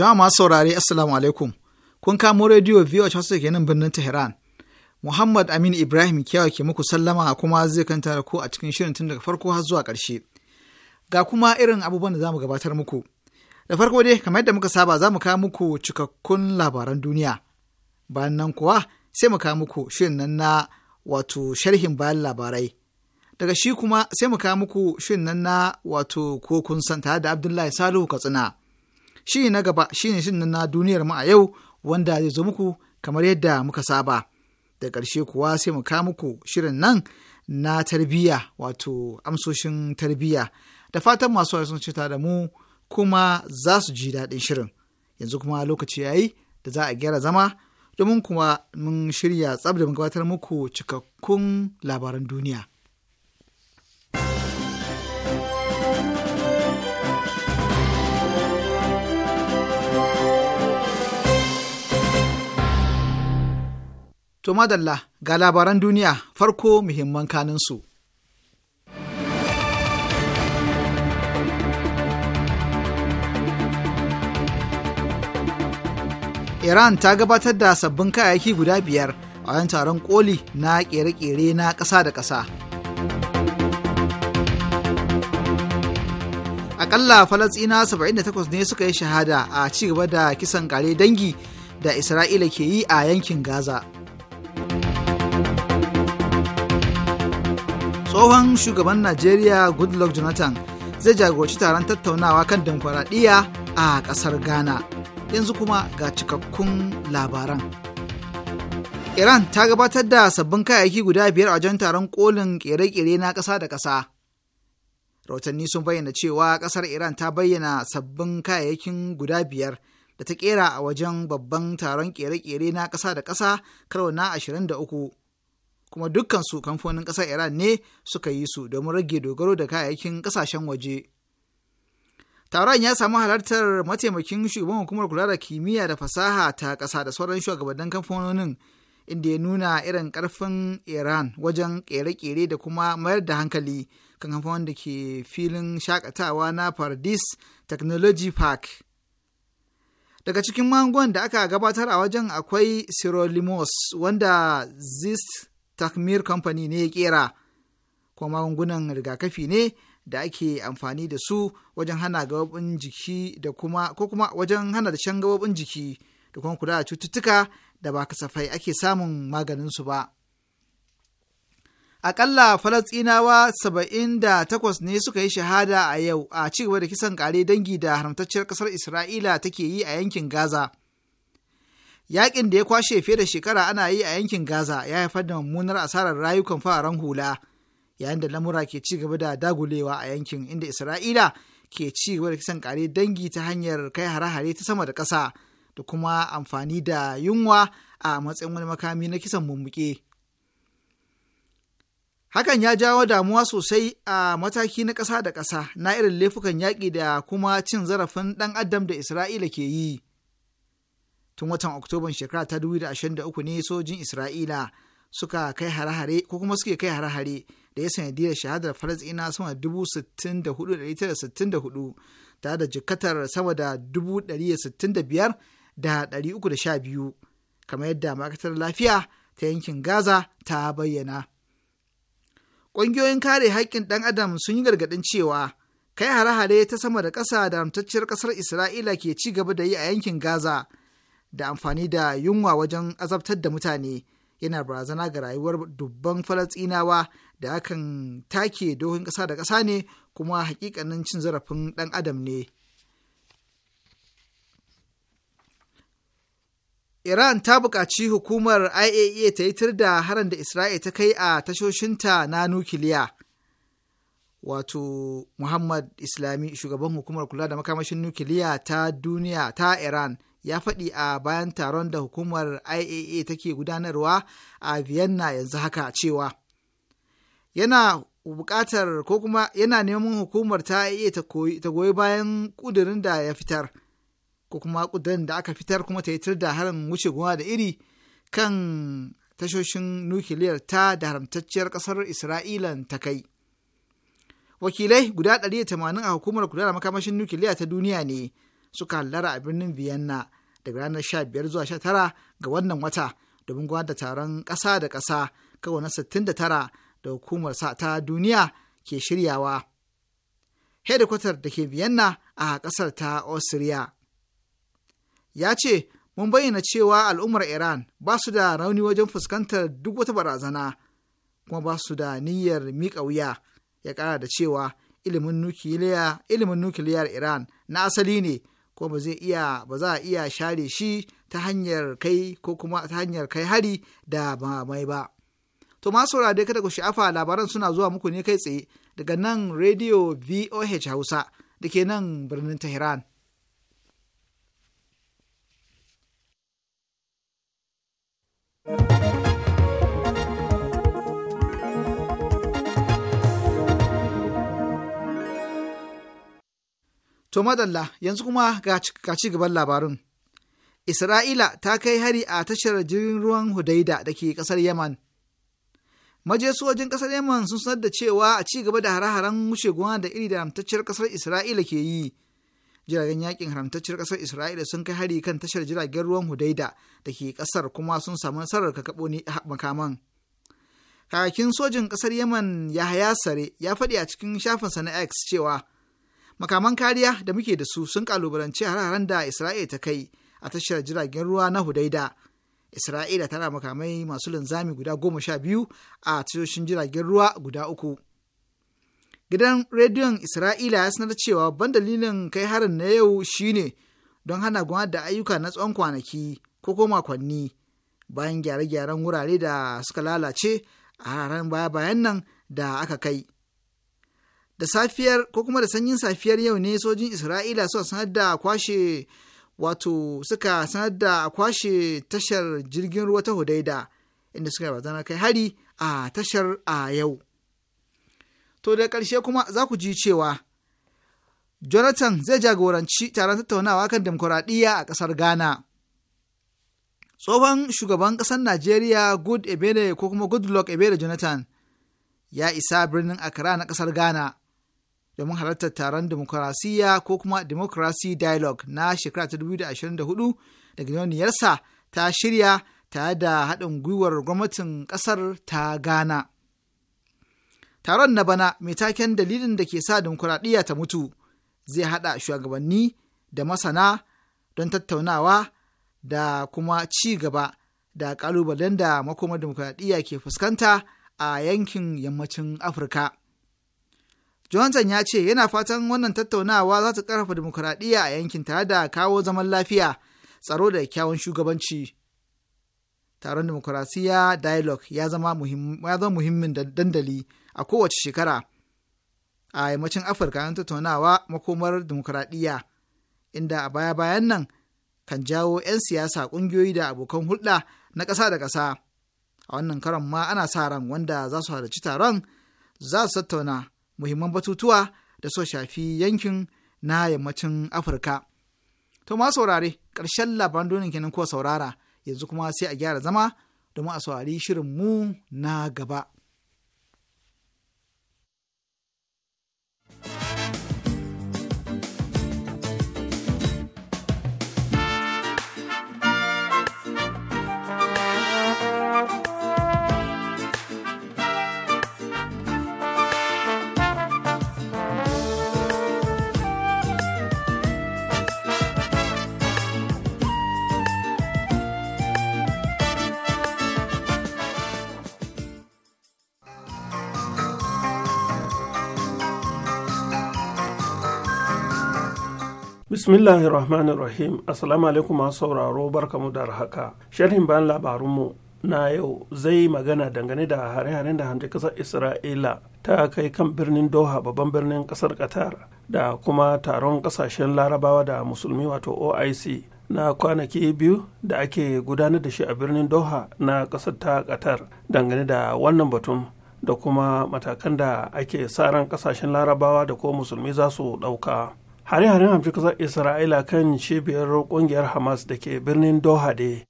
Jama'a masu saurare Assalamu alaikum. Kun kamo rediyo VOH a ke nan birnin Tehran. Muhammad Amin Ibrahim Kiyawa ke muku sallama kuma zai kanta da ku a cikin shirin tun daga farko har zuwa ƙarshe. Ga kuma irin abubuwan da za mu gabatar muku. Da farko dai kamar yadda muka saba za mu kawo muku cikakkun labaran duniya. Bayan nan kuwa sai mu kawo muku shirin nan na wato sharhin bayan labarai. Daga shi kuma sai mu kawo muku shirin nan na wato kokun kun san tare da Abdullahi Salihu Katsina. Shi na gaba shine ne na duniyar mu a yau wanda zai zo muku kamar yadda muka saba da ƙarshe kuwa sai mu kawo muku shirin nan na tarbiyya wato amsoshin tarbiyya da fatan masu sun da mu kuma za su ji daɗin shirin yanzu kuma lokaci ya yi da za a gyara zama domin kuma mun shirya tsab da gabatar muku cikakkun labaran duniya. To madalla ga labaran duniya farko muhimman kaninsu. Iran ta gabatar da sabbin kayayyaki guda biyar a wajen taron koli na kere-kere na ƙasa da ƙasa. Aƙalla Falasɗina 78 ne suka yi shahada a ci gaba da kisan kare dangi da Isra'ila ke yi a yankin Gaza. tsohon shugaban najeriya goodluck jonathan zai jagoci taron tattaunawa kan dimokuraɗiyya a ƙasar ghana yanzu kuma ga cikakkun labaran iran ta gabatar da sabbin kayayyaki guda biyar a wajen taron kolin ƙere-ƙere na ƙasa da ƙasa rahotanni sun bayyana cewa ƙasar iran ta bayyana sabbin kayayyakin guda biyar da ta ƙera a wajen babban taron ƙere-ƙere na ƙasa da ƙasa karo na uku. kuma dukkansu kamfanin ƙasar iran ne suka yi su domin rage dogaro da kayayyakin ƙasashen waje taron ya samu halartar mataimakin shugaban hukumar kula da kimiyya da fasaha ta ƙasa da sauran shugabannin kamfanonin inda ya nuna irin ƙarfin iran wajen ƙere-ƙere da kuma mayar da hankali kan kamfanin da ke filin shakatawa na paradis technology park daga cikin mangon da aka gabatar a wajen akwai sirolimos wanda zist takmir kamfani ne ya kera ko magungunan rigakafi ne da ake amfani da su wajen hana gababin jiki da kuma ko kuma wajen hana dashen gababin jiki da kuma kula da cututtuka da ba kasafai ake samun maganinsu ba. akalla Falasɗinawa saba'in da takwas ne suka yi shahada a yau a cigaba da kisan ƙare dangi da haramtacciyar kasar Isra'ila take yi a yankin Gaza. Yaƙin da ya kwashe fiye da shekara ana yi a yankin Gaza ya haifar da mummunar asarar rayukan fararen hula, yayin da lamura ke ci gaba da dagulewa a yankin inda Isra'ila ke ci gaba da kisan kare dangi ta hanyar kai hare-hare ta sama da ƙasa da kuma amfani da yunwa a matsayin wani makami na kisan mummuke. Hakan ya jawo damuwa sosai a mataki na ƙasa da ƙasa na irin laifukan yaƙi da kuma cin zarafin ɗan adam da Isra'ila ke yi. tun watan oktoban shekara ta uku ne sojin isra'ila suka kai hare-hare ko kuma suke kai hare-hare da ya sanadiyar shahadar falasɗina sama da hudu tare da jikatar sama da biyu kamar yadda ma'aikatar lafiya ta yankin gaza ta bayyana ƙungiyoyin kare haƙƙin ɗan adam sun yi gargaɗin cewa kai hare-hare ta sama da ƙasa da ramtacciyar ƙasar isra'ila ke ci gaba da yi a yankin gaza da amfani da yunwa wajen azabtar da mutane yana barazana ga rayuwar dubban falastinawa da hakan take dohin ƙasa da ƙasa ne kuma hakikanin cin zarafin ɗan adam ne Iran ta buƙaci hukumar IAEA e ta yi da harin da Isra'il ta kai a tashoshinta na nukiliya. Wato, Muhammad Islami, shugaban hukumar kula da makamashin nukiliya ta duniya ta Iran, ya faɗi a bayan taron da hukumar IAA take gudanarwa a Vienna yanzu haka cewa yana buƙatar ko kuma yana neman hukumar ta IAA ta goyi bayan ƙudurin da ya fitar ko kuma ƙudurin da aka fitar kuma ta yi da harin wuce goma da iri kan tashoshin nukiliyar ta da haramtacciyar ƙasar Isra'ilan ta kai. Wakilai guda 180 a hukumar kula makamashin nukiliya ta duniya ne suka hallara a birnin vienna daga ranar sha biyar zuwa 19 ga wannan wata domin gwada taron ƙasa da ƙasa kawo na 69 da hukumar sa ta duniya ke shiryawa. Hedikwatar da ke Vienna a ƙasar ta Austria. Ya ce, mun bayyana cewa al'ummar Iran ba su da rauni wajen fuskantar duk wata barazana, kuma ba su da niyyar miƙa wuya, ya ƙara da cewa ilimin nukiliyar Iran na asali ne ko ba za a iya share shi ta hanyar kai ko kuma ta hanyar kai hari da mai ba to masu saurare kada ku sha'afa labaran suna zuwa muku ne kai tsaye daga nan radio voh hausa da ke nan birnin tehran thank To madalla yanzu kuma ga ci gaban labarun. Isra'ila ta kai hari a tashar jirgin ruwan Hudaida da ke ƙasar Yaman. wajen ƙasar Yaman sun sanar da cewa a ci gaba da hare-haren wuce gona da iri da haramtacciyar ƙasar Isra'ila ke yi. Jiragen yakin haramtacciyar ƙasar Isra'ila sun kai hari kan tashar jiragen ruwan Hudaida da ke ƙasar kuma sun samu nasarar ka ni makaman. Kakakin sojin ƙasar Yaman Yahaya Sare ya faɗi a cikin shafinsa na X cewa makaman kariya da muke da su sun kalubalanci hararen da isra'ila ta kai a tashar jiragen ruwa na hudaida isra'ila tana makamai masu linzami guda goma sha biyu a tashoshin jiragen ruwa guda uku gidan rediyon isra'ila ya sanar cewa ban dalilin kai harin na yau shine don hana gwamnati da ayyuka na tsawon kwanaki ko ko makonni bayan gyare-gyaren wurare da suka lalace a hararen baya-bayan nan da aka kai da safiyar ko kuma da sanyin safiyar yau ne sojin isra'ila suka sanar da kwashe wato suka sanar da kwashe tashar jirgin ruwa ta hudaida inda suka barazana kai hari a tashar a yau to da ƙarshe kuma za ku ji cewa jonathan zai jagoranci taron tattaunawa kan demokuraɗiyya a ƙasar ghana tsohon shugaban ƙasar najeriya good ebele ko kuma goodluck ebele jonathan ya isa birnin accra na ƙasar ghana domin halartar taron demokarasiyya ko kuma democracy dialogue na shekara ta 2024 da gidauniyarsa ta shirya tare da haɗin gwiwar gwamnatin ƙasar ta ghana taron na bana mai taken dalilin da ke sa demokuraɗiyya ta mutu zai haɗa shugabanni da masana don tattaunawa da kuma ci gaba da ƙalubalen da makomar demokuraɗiyya ke fuskanta a yankin yammacin afirka johnson ya ce yana fatan wannan tattaunawa za ta ƙarfafa dimokuraɗiyya a yankin tare da kawo zaman lafiya tsaro da kyawun shugabanci taron dimokuraɗiyya dialogue ya zama muhimmin dandali a kowace shekara a yammacin afirka an tattaunawa makomar demokuraɗiyya, inda a baya-bayan nan kan jawo 'yan siyasa ƙungiyoyi da abokan hulɗa na ƙasa da ƙasa a wannan karon ma ana sa ran wanda za su halarci taron za su tattauna muhimman batutuwa da so shafi yankin na yammacin Afirka. To ma saurare, ƙarshen labaran duniya kenan ko saurara, yanzu kuma sai a gyara zama domin a saurari shirin mu na gaba. Bismillahirrahmanirrahim. Assalamu alaikum masu sauraro barkamu da haka. Sharhin bayan labarunmu na yau zai magana dangane da hare-haren da hanji kasar Isra'ila ta kai kan birnin Doha babban birnin kasar Qatar da kuma taron kasashen Larabawa da Musulmi wato OIC na kwanaki biyu da ake gudanar da shi a birnin Doha na kasar ta Qatar dangane da wannan batun. da kuma matakan da ake sa ran kasashen larabawa da ko musulmi za su ɗauka hare-haren hamshi isra'ila kan cibiyar kungiyar hamas da ke birnin doha da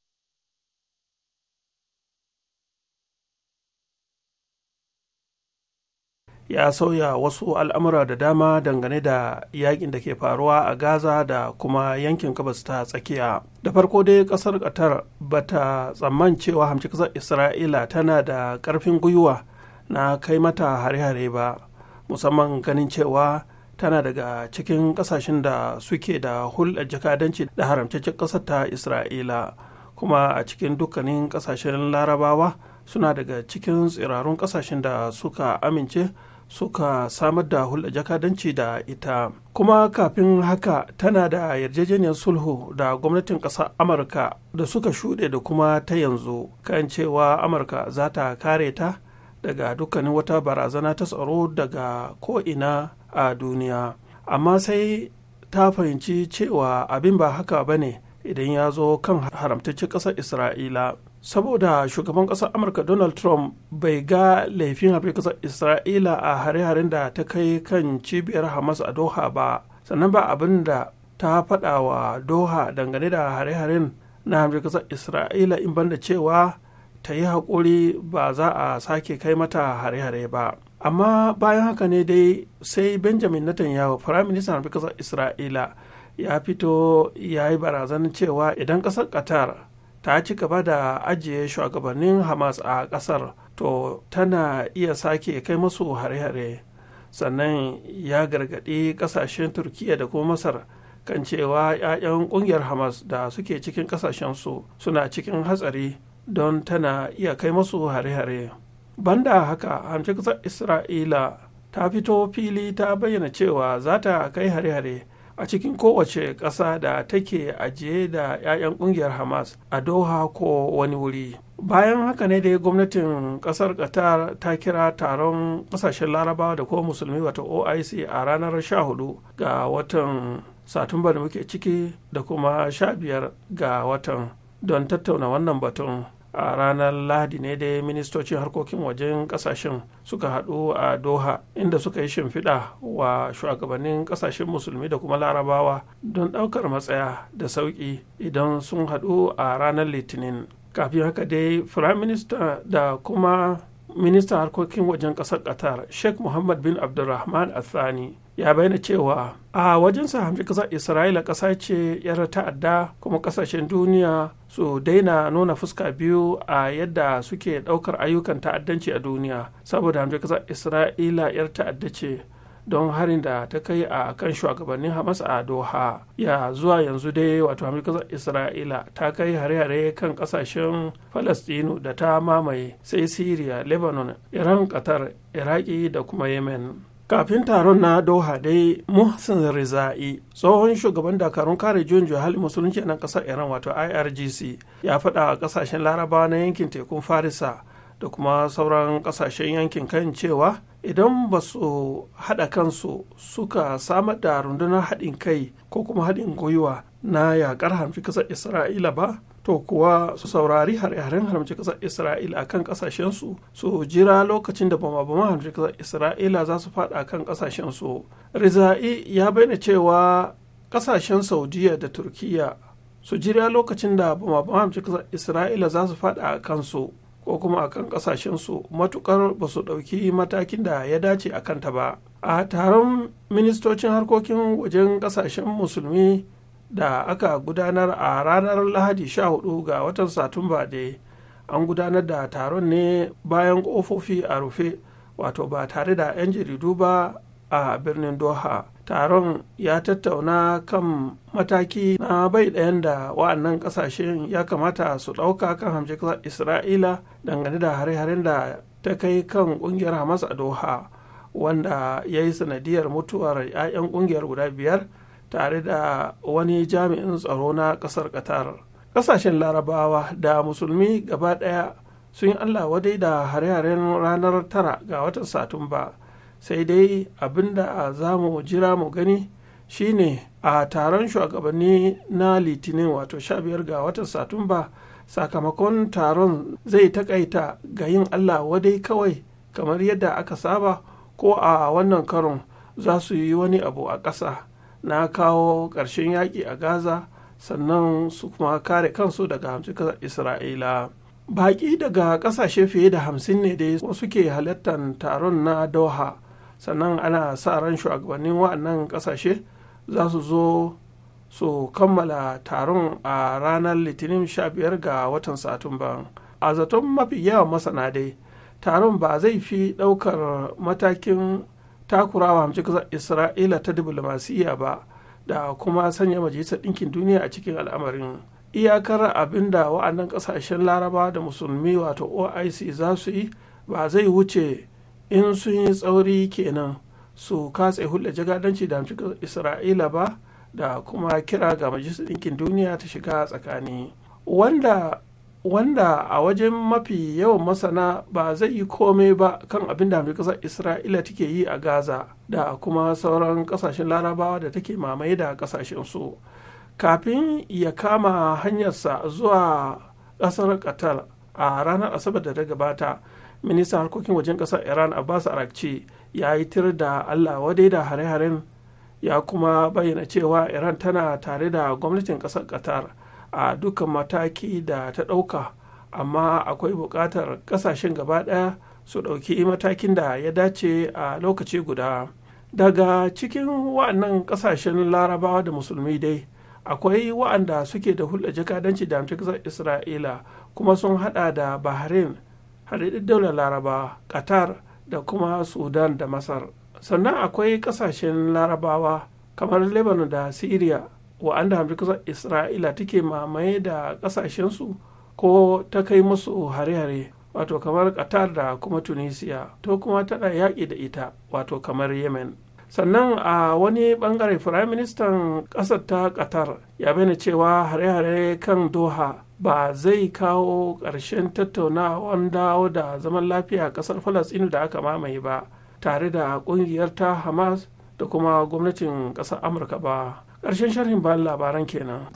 ya sauya wasu al'amura da dama dangane da yakin da ke faruwa a gaza da kuma yankin gabas ta tsakiya da farko dai kasar qatar bata tsamman cewa hamci kasar isra'ila tana da karfin gwiwa na kai mata hare-hare ba musamman ganin cewa tana daga cikin kasashen da suke da hulɗar jakadanci da haramtaccen ƙasar ta isra'ila kuma a cikin dukkanin ƙasashen larabawa suna daga cikin tsirarun ƙasashen da suka amince suka samar da hulɗar jakadanci da ita kuma kafin haka tana da yarjejeniyar sulhu da gwamnatin ƙasar amurka da suka shuɗe da kuma ta yanzu kan cewa amurka za ta kare ta daga dukkanin wata barazana ta tsaro daga ko'ina a duniya amma sai ta fahimci cewa abin ba haka ba ne idan ya zo kan haramtacce ƙasar isra'ila saboda shugaban ƙasar amurka donald trump bai ga laifin haifin ƙasar isra'ila a hare-haren da ta kai kan cibiyar hamas a doha ba sannan ba abin da ta faɗa wa doha dangane da hare-haren na haifin ƙasar isra'ila in banda cewa ta yi haƙuri ba za a sake kai mata hare-hare ba amma bayan haka ne dai sai benjamin netanyahu minister na kasar isra'ila ya fito ya yi barazanin cewa idan ƙasar qatar ta ci gaba da ajiye shugabannin hamas a ƙasar to tana iya sake kai masu hare-hare sannan ya gargaɗi ƙasashen turkiya da kuma masar kan cewa 'ya'yan ƙungiyar hamas da suke cikin ƙasashensu suna cikin hatsari don tana iya kai masu hare-hare banda haka hamshe isra'ila ta fito fili ta bayyana cewa za ta kai hare-hare a cikin kowace ƙasa da take ajiye da 'ya'yan ƙungiyar hamas a doha ko wani wuri bayan haka ne dai gwamnatin ƙasar qatar ta kira taron ƙasashen larabawa da kuma musulmi wata oic a ranar 14 ga watan satumba da muke ciki da kuma 15 ga watan don tattauna wannan batun a ranar lahadi ne da ministocin harkokin wajen kasashen suka hadu a doha inda suka yi shimfiɗa wa shugabannin kasashen musulmi da kuma larabawa don ɗaukar matsaya da sauƙi idan sun hadu a ranar litinin kafin haka dai firayim firaminista da kuma ministan harkokin wajen ƙasar qatar sheikh muhammad bin abdulrahman athani ya bayyana cewa a sa hamshi kasar isra'ila kasa ce yar ta'adda kuma ƙasashen duniya su daina nuna fuska biyu a yadda suke ɗaukar ayyukan ta'addanci a duniya saboda hamshi kasar isra'ila yar ta'adda ce don harin da ta kai a kan shugabannin hamas a doha ya zuwa yanzu dai wato kasar isra'ila ta kai hare-hare kan kasashen falastinu da ta mamaye sai syria lebanon iran qatar iraki da kuma yemen kafin taron na doha dai muhsin rizai tsohon shugaban dakarun kare juyin juhali musulunci na kasar iran wato irgc ya faɗa a ƙasashen larabawa na yankin tekun farisa da kuma sauran ƙasashen yankin kan cewa idan ba su haɗa kansu suka samar da rundunar haɗin kai ko kuma haɗin gwiwa na yaƙar hamfi ƙasar isra'ila ba to kuwa su saurari hare-haren haramci kasar isra'ila a kan ƙasashensu su jira lokacin da bama-bama haramci kasar isra'ila za su faɗa a kan su. riza'i ya bayyana cewa ƙasashen saudiya da turkiya su jira lokacin da bama-bama haramci kasar isra'ila za su faɗa a kansu ko kuma a kan ƙasashensu matukar ba su ɗauki matakin da ya dace a kanta ba a taron ministocin harkokin wajen ƙasashen musulmi da aka gudanar a ranar lahadi 14 ga watan satumba da an gudanar da taron ne bayan ƙofofi a rufe wato ba tare da 'yan jaridu ba a birnin doha taron ya tattauna kan mataki na bai ɗayan da wa'annan ƙasashen ya kamata su ɗauka kan hamjiklar isra'ila dangane da hare-haren da ta kai kan ƙungiyar hamas a doha wanda ya yi sanadiyar mutuwar 'ya'yan ƙungiyar guda biyar tare da wani jami'in tsaro na ƙasar qatar ƙasashen larabawa da musulmi gaba ɗaya sun yi allah wadai da hare-haren ranar tara ga watan satumba sai dai abin da za mu jira mu gani shine a taron shugabanni na litinin wato 15 ga watan satumba sakamakon taron zai takaita ga yin allah wadai kawai kamar yadda aka saba ko a wannan karon za su yi wani abu a ƙasa na kawo ƙarshen yaƙi a gaza sannan su kuma kare kansu daga hamsin ƙasar isra'ila baƙi daga ƙasashe fiye da hamsin ne dai wasu ke halartar taron na doha sannan ana sa ran shugabannin wa'annan ƙasashe za su zo su kammala taron a ranar litinin sha biyar ga watan satumba a zaton mafi yawan masana dai taron ba zai fi ɗaukar matakin takurawa mace kasar isra'ila ta diplomasiyya ba da kuma sanya majalisar ɗinkin duniya a cikin al'amarin iyakar abin da wa'annan ƙasashen laraba da musulmi wato oic za su yi ba zai wuce in sun yi tsauri kenan su katse hulɗa jagadanci da amshi isra'ila ba da kuma kira ga majalisar ɗinkin duniya ta shiga tsakani wanda wanda a wajen mafi yawan masana ba zai yi komai ba kan abin da ƙasar isra'ila take yi a gaza da kuma sauran ƙasashen larabawa da take mamaye da ƙasashen su kafin ya kama hanyarsa zuwa ƙasar qatar a ranar asabar da ta gabata ministan harkokin wajen ƙasar iran abbas arakci ya yi tir da allah wadai da hare-haren ya kuma bayyana cewa iran tana tare da gwamnatin ƙasar qatar a dukkan mataki da ta ɗauka amma akwai buƙatar ƙasashen gaba ɗaya su ɗauki matakin da ya dace a lokaci guda daga cikin wa'annan ƙasashen larabawa da musulmi dai akwai wa'anda suke da hulɗa jakadanci da amsar isra'ila kuma sun hada da bahrain haɗaɗɗen daular larabawa qatar da kuma sudan da masar sannan akwai ƙasashen larabawa kamar lebanon da syria wa'anda kusa isra'ila take mamaye da ƙasashensu ko ta kai musu hare-hare wato kamar qatar da kuma tunisia to kuma tana yaƙi da ita wato kamar yemen sannan a wani bangare firaministan ƙasar ta qatar ya bayyana cewa hare-hare kan doha ba zai kawo ƙarshen tattaunawan dawo da zaman lafiya ƙasar falasinu da aka mamaye ba tare da ƙungiyar ta hamas da kuma gwamnatin ƙasar amurka ba ƙarshen sharhin bayan labaran kenan.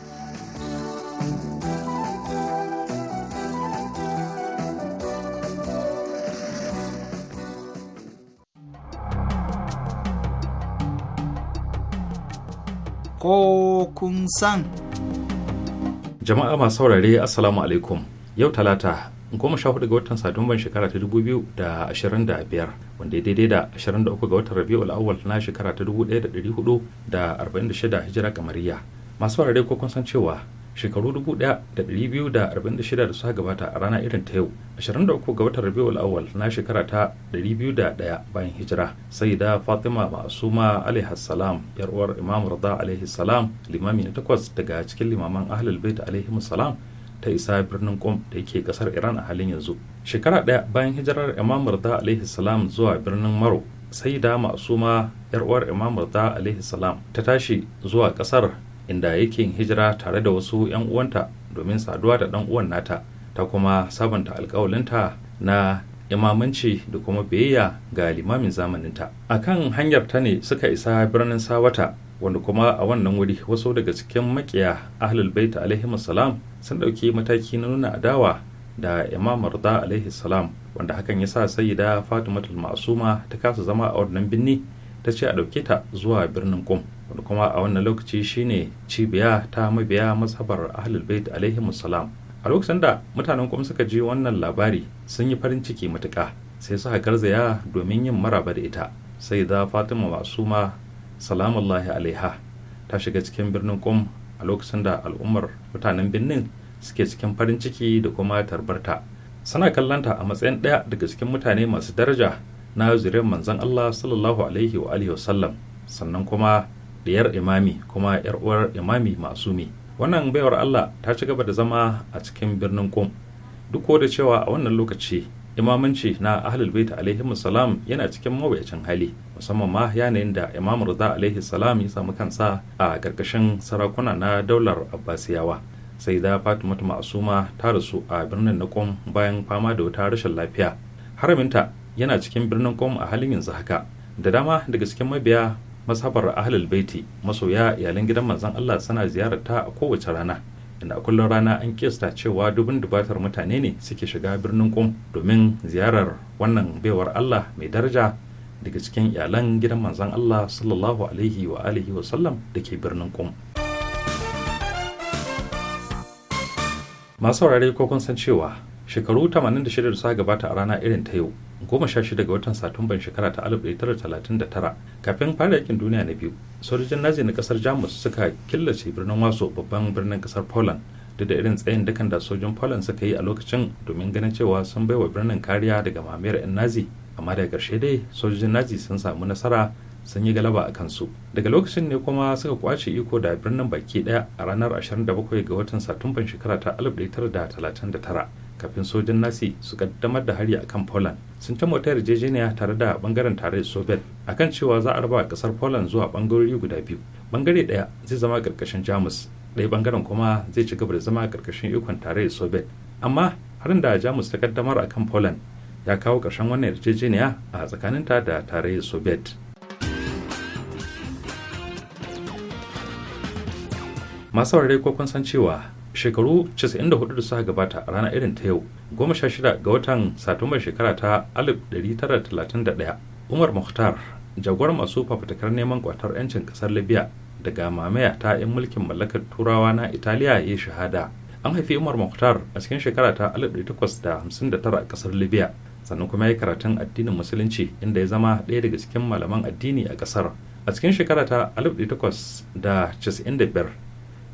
Ko kun san. Jama'a masu saurare Assalamu alaikum yau talata goma sha hudu ga watan satumban shekara ta dubu biyu da ashirin da biyar wanda ya daidai da ashirin da uku ga watan Rabi'u Al'awwal na shekara ta dubu ɗaya da ɗari hudu da arba'in da shida hijira kamariya masu farare ko kun san cewa shekaru dubu ɗaya da ɗari biyu da arba'in da shida da suka gabata a rana irin ta yau ashirin da uku ga watan Rabi'u Al'awwal na shekara ta ɗari biyu da ɗaya bayan hijira sai da fatima ma'asuma alaihi salam yar uwar imam rada alaihi salam limami na takwas daga cikin limaman ahlul bait alaihi salam ta isa birnin qom da yake kasar iran a halin yanzu shekara ɗaya bayan hijirar imam murda alaihi salam zuwa birnin maro sai da masuma yar uwar imam murda alaihi salam ta tashi zuwa kasar inda yake hijira tare da wasu yan uwanta domin saduwa da dan uwan nata ta kuma sabanta alkawalinta na imamanci da kuma biyayya ga limamin zamaninta a kan hanyar ta ne suka isa birnin sawata wanda kuma a wannan wuri wasu daga cikin makiya ahlul baita alaihi salam sun ɗauki mataki na nuna adawa da imam rida alaihi salam wanda hakan ya sa sayyida fatimatul masuma ta kasa zama a wannan binni ta ce a ɗauke ta zuwa birnin kum wanda kuma a wannan lokaci shine cibiya ta mabiya mazhabar ahlul bait alaihi salam a lokacin da mutanen kum suka ji wannan labari sun yi farin ciki matuka sai suka garzaya domin yin maraba da ita sai da fatima masuma Lahi alaiha ta shiga cikin birnin kum a lokacin da al'ummar mutanen birnin suke cikin farin ciki da kuma tarbarta sana kallanta a matsayin ɗaya daga cikin mutane masu daraja na zuriyar manzon Allah sallallahu alaihi wa alihi wasallam sannan kuma diyar imami kuma yar uwar imami masumi wannan baiwar Allah ta ci gaba da zama a cikin birnin kum duk da cewa a wannan lokaci imamanci na ahlul bait alaihi salam yana cikin mawuyacin hali musamman ma yanayin da imam rida alaihi salam ya samu kansa a karkashin sarakuna na daular abbasiyawa sai da fatima-tuma fatimatu ma'asuma ta rasu a birnin nakom bayan fama da wata rashin lafiya haraminta yana cikin birnin kom a halin yanzu haka da dama daga cikin mabiya masabar ahlul baiti masoya iyalan gidan manzon Allah suna ziyararta a kowace rana inda kullum rana an kista cewa dubin dubatar mutane ne suke shiga birnin kum domin ziyarar wannan baiwar allah mai daraja daga cikin iyalan gidan manzon allah sallallahu alaihi wa alihi wa sallam da ke birnin kum masu saurare ko kun san cewa shekaru 86 da suka gabata a rana irin ta yau goma sha shida ga watan satumban shekara ta 1939 kafin fara yakin duniya na biyu sojojin nazi na kasar jamus suka killace birnin wasu babban birnin kasar poland duk da irin tsayin dukan da sojin poland suka yi a lokacin domin ganin cewa sun bai wa birnin kariya daga mamayar 'yan nazi amma daga ƙarshe dai sojojin nazi sun samu nasara sun yi galaba a kansu daga lokacin ne kuma suka kwace iko da birnin baki daya a ranar 27 ga watan satumban shekara ta 1939 kafin sojin nasi su kaddamar da hari akan poland sun ta mota yarjejeniya tare da bangaren tarayyar soviet kan cewa za a raba kasar poland zuwa bangarori guda biyu bangare daya zai zama karkashin jamus ɗaya bangaren kuma zai ci gaba da zama karkashin ikon tarayyar soviet amma harin da jamus ta kaddamar akan poland ya kawo ƙarshen wannan yarjejeniya a tsakaninta da tarayyar soviet masu ko kun san cewa shekaru 94 da suka gabata a rana irin ta yau 16 ga watan satumbar shekara ta 1931 umar mukhtar jagwar masu fafutukar neman kwatar 'yancin kasar libya daga mamaya ta 'yan mulkin mallakar turawa na italiya ya shahada an haifi umar Muktar a cikin shekara ta 1859 a kasar libya sannan kuma ya karatun addinin musulunci inda ya zama ɗaya daga cikin malaman addini a kasar a cikin shekara ta 1895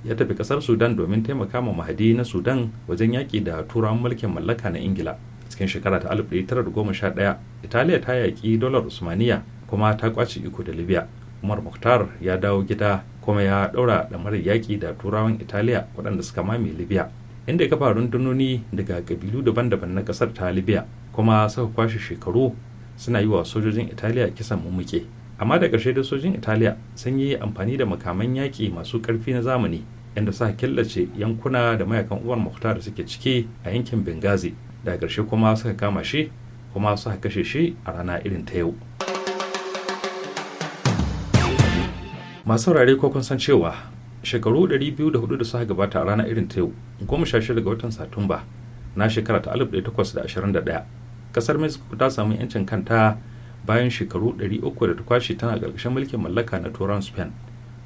ya tafi kasar sudan domin taimaka ma mahadi na sudan wajen yaƙi da turawan mulkin mallaka na ingila cikin shekara ta 1911 italiya ta yaƙi dolar usmaniya kuma ta kwace iko da libya umar mukhtar ya dawo gida kuma ya ɗaura ɗamarar yaƙi da turawan italiya waɗanda suka mame libya inda ya kafa rundunoni daga kabilu daban-daban na ƙasar ta libya kuma suka kwashe shekaru suna yi wa sojojin italiya kisan mumuke amma da ƙarshe da sojin italiya sun yi amfani da makaman yaƙi masu ƙarfi na zamani inda suka killace yankuna da mayakan uwar mukhtar da suke ciki a yankin bengazi da ƙarshe kuma suka kama shi kuma suka kashe shi a rana irin ta yau masu saurare ko kun san cewa shekaru 204 da suka gabata a rana irin ta yau goma sha shida ga watan satumba na shekara ta 1821 kasar mexico ta samu yancin kanta bayan shekaru 300 da ta kwashe tana ƙarƙashin mulkin mallaka na turan spain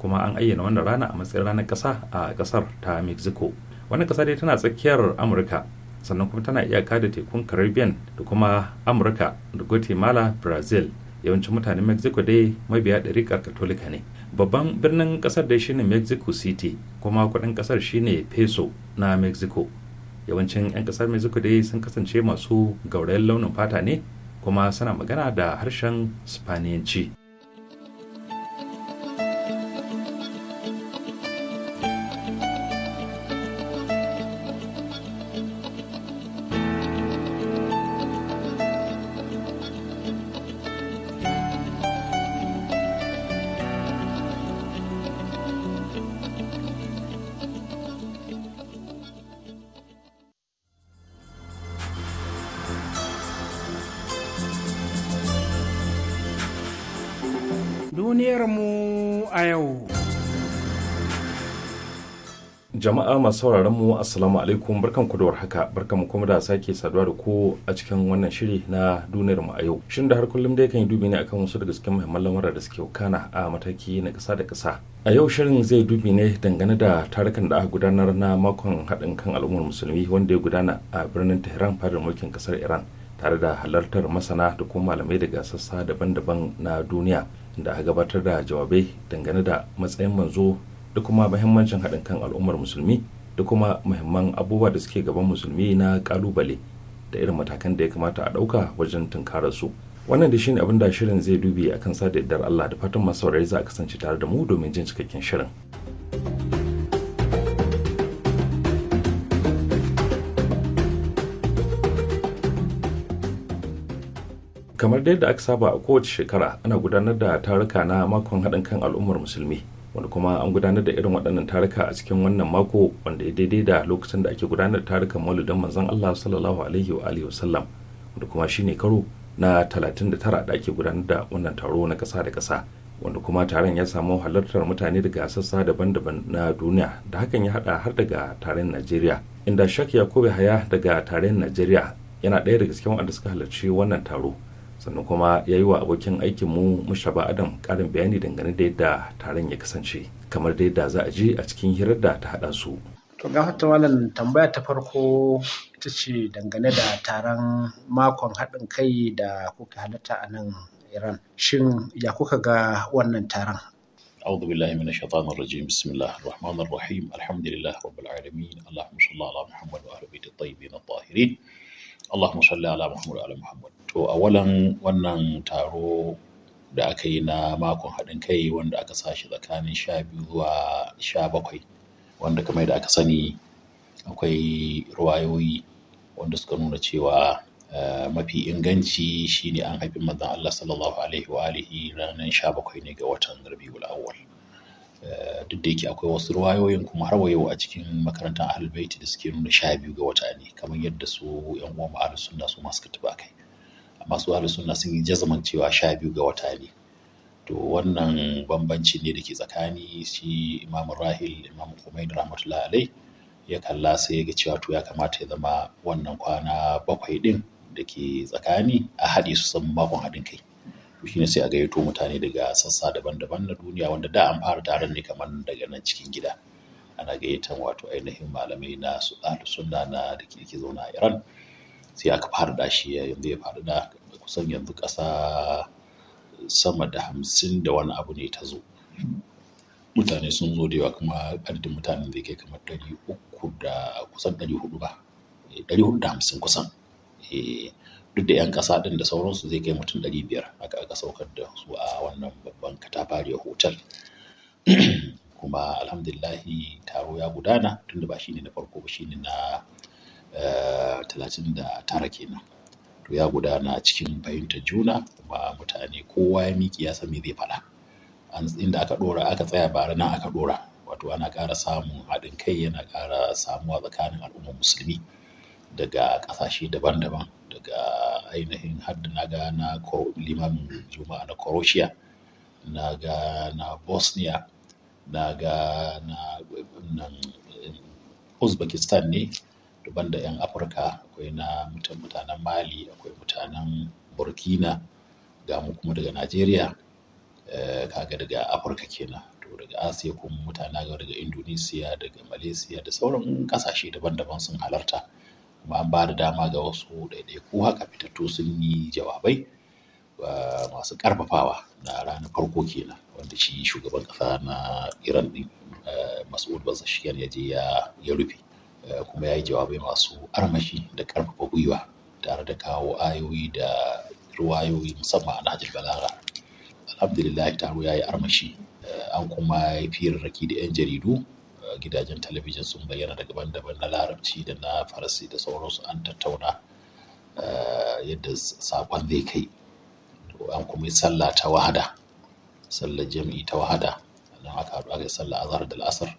kuma an ayyana wannan rana a matsayin ranar ƙasa a ƙasar ta mexico wannan ƙasa dai tana tsakiyar amurka sannan kuma tana iyaka da tekun caribbean da kuma amurka da guatemala brazil yawancin mutanen mexico dai mabiya ɗariƙar katolika ne babban birnin ƙasar dai shine mexico city kuma kuɗin ƙasar shine peso na mexico yawancin 'yan ƙasar mexico dai sun kasance masu gaurayen launin fata ne kuma suna magana da harshen spaniyanci mu a yau. Jama'a masu sauraron mu Assalamu alaikum barkanku da warhaka barkanku kuma da sake saduwa da ku a cikin wannan shiri na duniyar mu a yau. Shin da har kullum dai kan yi dubi ne akan wasu daga cikin muhimman lamura da suke kana a mataki na kasa da kasa A yau shirin zai dubi ne dangane da tarukan da aka gudanar na makon haɗin kan al'ummar musulmi wanda ya gudana a birnin Tehran fadar mulkin kasar Iran tare da halartar masana da kuma malamai daga sassa daban-daban na duniya. da a gabatar da jawabai dangane da matsayin manzo da kuma mahimmancin haɗin kan al'ummar musulmi da kuma muhimman abubuwa da suke gaban musulmi na kalubale da irin matakan da ya kamata a ɗauka wajen tunkarar su wannan da shine abin da shirin zai dubi akan sa da yardar Allah da fatan masu za a kasance tare da mu domin jin cikakken shirin. kamar dai da aka saba a kowace shekara ana gudanar da taruka na makon haɗin kan al'ummar musulmi wanda kuma an gudanar da irin waɗannan taruka a cikin wannan mako wanda ya daidai da lokacin da ake gudanar da tarukan mauludin manzon Allah sallallahu alaihi wa alihi wasallam wanda kuma shine karo na 39 da ake gudanar da wannan taro na kasa da kasa wanda kuma taron ya samu halartar mutane daga sassa daban-daban na duniya da hakan ya hada har daga taron najeriya inda shak yakubu haya daga taron najeriya yana ɗaya daga cikin waɗanda suka halarci wannan taro sannan kuma ya yi wa abokin aikin mu mushaba adam karin bayani dangane da yadda taron ya kasance kamar da yadda za a je a cikin hirar da ta haɗa su to ga fata malam tambaya ta farko ita ce dangane da taron makon haɗin kai da kuka halatta a nan iran shin ya kuka ga wannan taron أعوذ بالله من الشيطان الرجيم بسم الله الرحمن الرحيم الحمد لله رب العالمين اللهم صل على محمد وآل بيت الطيبين الطاهرين اللهم صل على محمد ala محمد To awalan wannan taro da aka yi na makon haɗin kai wanda aka sa shi tsakanin sha biyu zuwa sha bakwai wanda kamar da aka sani akwai ruwayoyi wanda suka nuna cewa eh, mafi inganci shine an haifi manzon Allah sallallahu alaihi wa alihi ranar sha bakwai ne ga watan Rabiul Awwal eh, duk da yake akwai wasu ruwayoyin kuma har wa yau a cikin makarantar Ahlul Bait da suke nuna sha biyu ga wata ne kamar yadda su yan uwan Ahlus Sunna su masu suka kai masu ahlus sunna sun yi jazman cewa sha biyu ga wata ne to wannan bambanci ne da ke tsakani shi imam rahil imam khumaini rahmatullah alai ya kalla sai ya ga cewa to ya kamata ya zama wannan kwana bakwai din da ke tsakani a haɗe su san makon haɗin kai to shine sai a gayyato mutane daga sassa daban-daban na duniya wanda da an fara taron ne kamar daga nan cikin gida ana gayyatan wato ainihin malamai na su sunna na da ke zauna a iran sai aka fara da shi yanzu ya faru da kusan yanzu ƙasa sama da hamsin da wani abu ne ta zo mutane sun zo da yawa kuma adadin mutanen zai kai kamar ɗari uku da kusan ɗari hudu ba eh, ɗari hudu da hamsin kusan eh, duk da 'yan ƙasa ɗin da sauransu zai kai mutum ɗari biyar aka aka saukar da su a wannan babban katafariyar hotel kuma alhamdulillahi taro ya gudana tunda ba shine na farko ba shine na Eh, talatin da tara kenan to ya gudana cikin fahimtar juna ba mutane kowa ya miki ya san me zai faɗa inda aka ɗora aka tsaya bara nan aka ɗora wato ana ƙara samun haɗin kai yana ƙara samuwa tsakanin al'ummar musulmi daga ƙasashe daban-daban daga ainihin hadda na ga na juma'a na croatia na ga na bosnia na na uzbekistan ne daban da 'yan afirka akwai na mutanen mali akwai mutanen burkina ga mu kuma daga najeriya eh, kaga daga afirka kenan to daga asiya kuma mutane daga indonesiya daga malaysia da sauran ƙasashe daban-daban sun halarta kuma an ba da dama ga wasu ɗaiɗaiku haka fitattu sun yi jawabai masu ƙarfafawa na ranar farko kenan wanda shi shugaban ƙasa na iran din eh, mas'ud bazashiyan ya je ya rufe Eh, kuma ya yi jawabai masu armashi da karfafa gwiwa tare da kawo ayoyi da ruwayoyi musamman a Nahajul Balaga. Alhamdulillah taro ya yi armashi eh, an kuma yi raki da 'yan jaridu eh, gidajen talabijin sun bayyana daga daban-daban na larabci da na farasi da sauransu an tattauna yadda sakon zai kai an kuma yi sallah ta wahada sallar jami'i ta wahada nan aka haɗu aka yi sallah azhar da la'asar.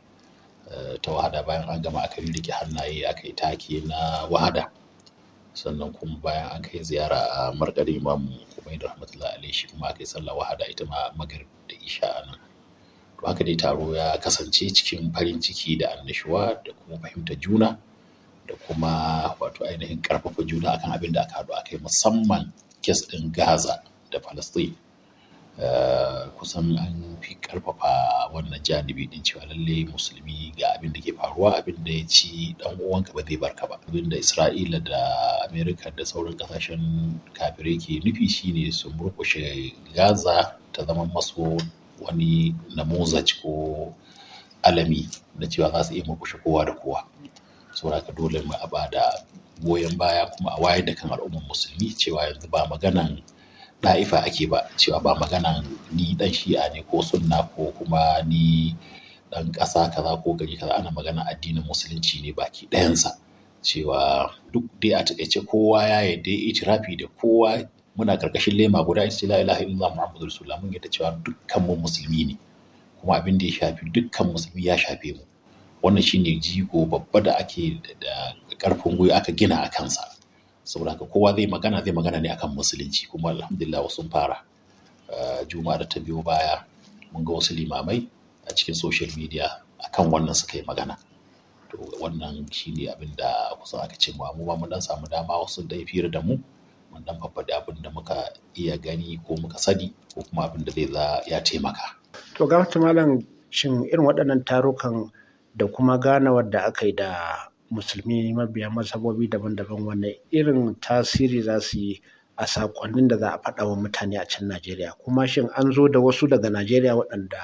ta wahada bayan an gama aka rike hannaye aka yi take na wahada sannan kuma bayan an kai ziyara a markar imam kumai da rahmatullah alaihi shi kuma aka yi sallah wahada ita ma magar da isha a nan to haka dai taro ya kasance cikin farin ciki da annashuwa da kuma fahimta juna da kuma wato ainihin karfafa juna akan abin da aka haɗu akai musamman kes ɗin gaza da palestine Eh, kusan an fi karfafa wannan janibi din cewa lalle musulmi ga abin da ke faruwa abin da ya ci dan uwanka ba zai barka ba abin da isra'ila da amerika da sauran kasashen kafirai ke nufi shine su murkushe gaza ta zama maso wani namozaj ko alami na cewa za su iya murkushe kowa da kowa saboda haka dole mu a da goyon baya kuma a wayar da kan al'ummar musulmi cewa yanzu ba maganan ɗa'ifa ake ba cewa ba magana ni ɗan shi'a ne ko sunna ko kuma ni ɗan ƙasa kaza ko gari kaza ana magana addinin musulunci ne baki ɗayansa cewa duk dai a taƙaice kowa ya yadda ya itirafi da kowa muna ƙarƙashin lema guda in ce la ilaha illallah muhammadu rasulullah mun yadda cewa dukkan mu musulmi ne kuma abin da ya shafi dukkan musulmi ya shafe mu wannan shine jigo babba da ake da ƙarfin gwiwa aka gina a kansa saboda haka kowa zai magana zai magana ne akan musulunci kuma alhamdulillah wasu fara ah, juma'a da ta biyo baya mun ga wasu limamai a cikin social media akan wannan suka yi magana to wannan shine abin da kusan aka ce mu ba mu dan samu dama wasu da fira da mu mun dan da abin da muka iya gani ko muka sani ko kuma abin da zai za ya taimaka to ga malam shin irin waɗannan tarukan da kuma ganawar da aka yi da musulmi mabiya mazhabobi daban-daban wanne irin tasiri za su yi a sakonnin da za a faɗa wa mutane a can Najeriya kuma shin an zo da wasu daga Najeriya waɗanda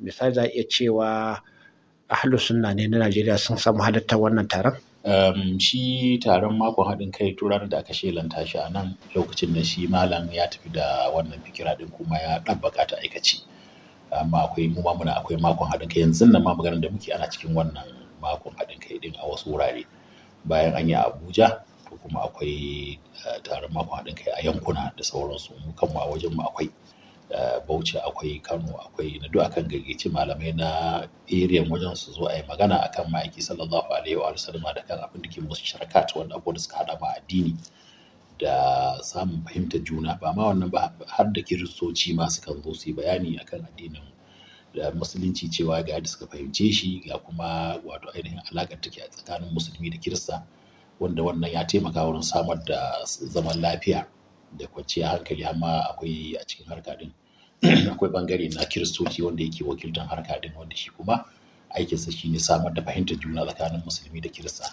misali za a iya cewa ahlu sunna ne na Najeriya sun samu halatta wannan taron? Um, shi taron makon haɗin kai tura da aka shelan tashi, a nan lokacin da shi malam ya tafi da wannan fikira ɗin kuma ya ɗabbaka ta aikaci amma akwai mu ma muna akwai makon haɗin kai yanzu nan ma maganar da muke ana cikin wannan makon haɗin kai ɗin a wasu wurare bayan an yi abuja to kuma akwai eh, taron makon haɗin kai a yankuna da sauransu mu kan ma wajen mu akwai eh, bauchi akwai kano akwai na duk akan gayyaci malamai na area wajen su zo a yi magana akan ma'aiki sallallahu alaihi wa sallama da kan abin da ke musu sharakat wanda abu da suka hada ma addini da samun fahimtar juna ba ma wannan ba har da kiristoci ma sukan zo su bayani akan addinin musulunci cewa ga yadda suka fahimce shi ga kuma wato ainihin alaƙar take a tsakanin musulmi da kirista wanda wannan ya taimaka wurin samar da zaman lafiya da kwanciyar hankali amma akwai a cikin harka din akwai bangare na kiristoci wanda yake wakiltar harka din wanda shi kuma aikinsa shi ne samar da fahimtar juna tsakanin musulmi da kirista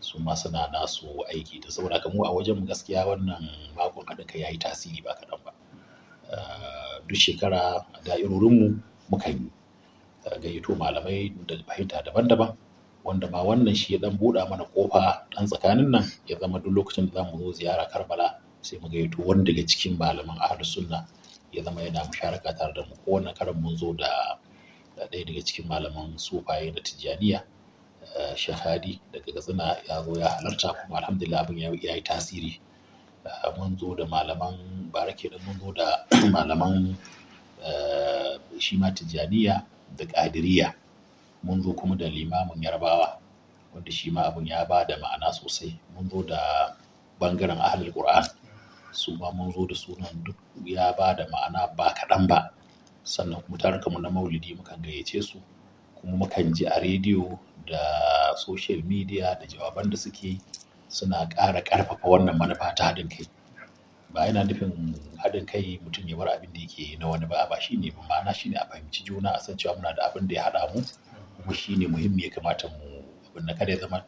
su ma suna nasu aiki da saboda mu a wajen gaskiya wannan makon haɗin kai ya yi tasiri ba kaɗan ba ah, duk shekara da mu. muka yi gayyato malamai da fahimta daban-daban wanda ma wannan shi ya dan buɗa mana ƙofa ɗan tsakanin nan ya zama duk lokacin da za mu zo ziyara karbala sai mu gayyato wanda daga cikin malaman ahlus sunna ya zama yana musharaka tare da mu kowane karan mun zo da ɗaya daga cikin malaman sufaye na tijjaniya shahadi daga katsina ya zo ya halarta kuma alhamdulillah abin ya yi tasiri mun zo da malaman barake da mun zo da malaman Eh, shi ma da ƙadiriya mun zo kuma da limamin yarbawa wanda shi ma abun ya ba da ma'ana sosai mun zo da bangaren ahlul qur'an su ma mun zo da sunan duk ya ba da ma'ana ba kaɗan ba sannan kuma tarukan mu na maulidi mukan gayyace su kuma mukan ji a rediyo da social media da jawaban da suke suna ƙara ƙarfafa wannan manufa ta haɗin kai ba yana nufin haɗin kai mutum ya bar abin da yake na wani ba ba shine ma'ana shine a fahimci juna a san cewa muna da abin da ya haɗa mu kuma shine muhimmi ya kamata mu abin na kada ya zama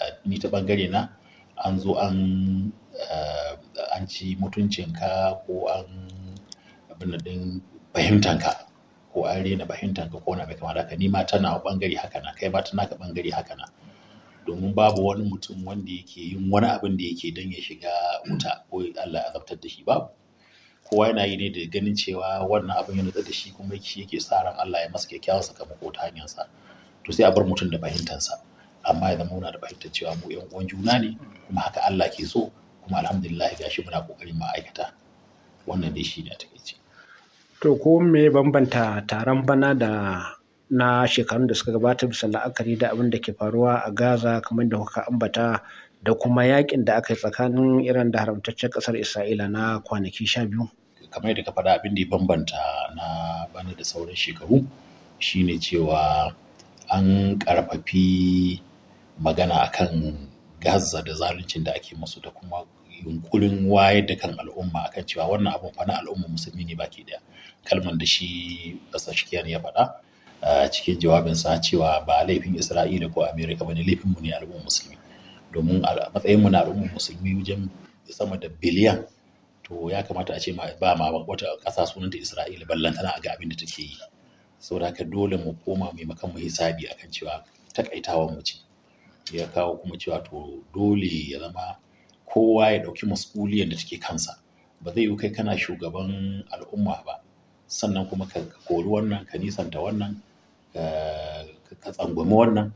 eh, ni ta bangare na an zo an eh, an ci mutuncinka ko an abin da din fahimtanka ko an rena ka ko na mai kama da ni ma tana bangare haka na kai ma tana ka bangare haka na domin babu wani mutum wanda yake yin wani abin da yake don ya shiga wuta ko Allah ya azabtar da shi babu kowa yana yi ne da ganin cewa wannan abin yana da shi kuma shi yake sa ran Allah ya masa kyakkyawan sakamako ta hanyarsa, to sai a bar mutum da fahimtar sa amma ya zama muna da fahimtar cewa mu yan uwan juna ne kuma haka Allah ke so kuma alhamdulillah gashi muna kokarin ma'aikata wannan dai shi ne a takaice to ko me bambanta taron bana da na shekarun da suka gabata bisa la'akari da abin da ke faruwa a Gaza kamar da kuka ambata da kuma yaƙin da aka yi tsakanin Iran da haramtaccen ƙasar Isra'ila na kwanaki sha biyu. Kamar yadda ka faɗa abin da ya bambanta na bana da sauran shekaru shine cewa an ƙarfafi magana akan Gaza da zaluncin da ake masu da kuma yunkurin wayar da kan al'umma akan cewa wannan abin fa na al'umma musulmi ne baki daya kalman da shi basashkiyan ya faɗa a cikin sa cewa ba laifin isra'ila ko amerika ba ne mu ne al'ummar musulmi domin matsayinmu na al'ummar musulmi wajen sama da biliyan to ya kamata a ce ba ma wata ƙasa sunanta isra'ila ballan tana ga abin da take yi saboda haka dole mu koma mai makan mu hisabi akan cewa takaitawa mu ce ya kawo kuma cewa to dole ya zama kowa ya ɗauki mas'uliyar da take kansa ba zai yi kai kana shugaban al'umma ba sannan kuma ka kori wannan ka nisanta wannan ka tsangwami wannan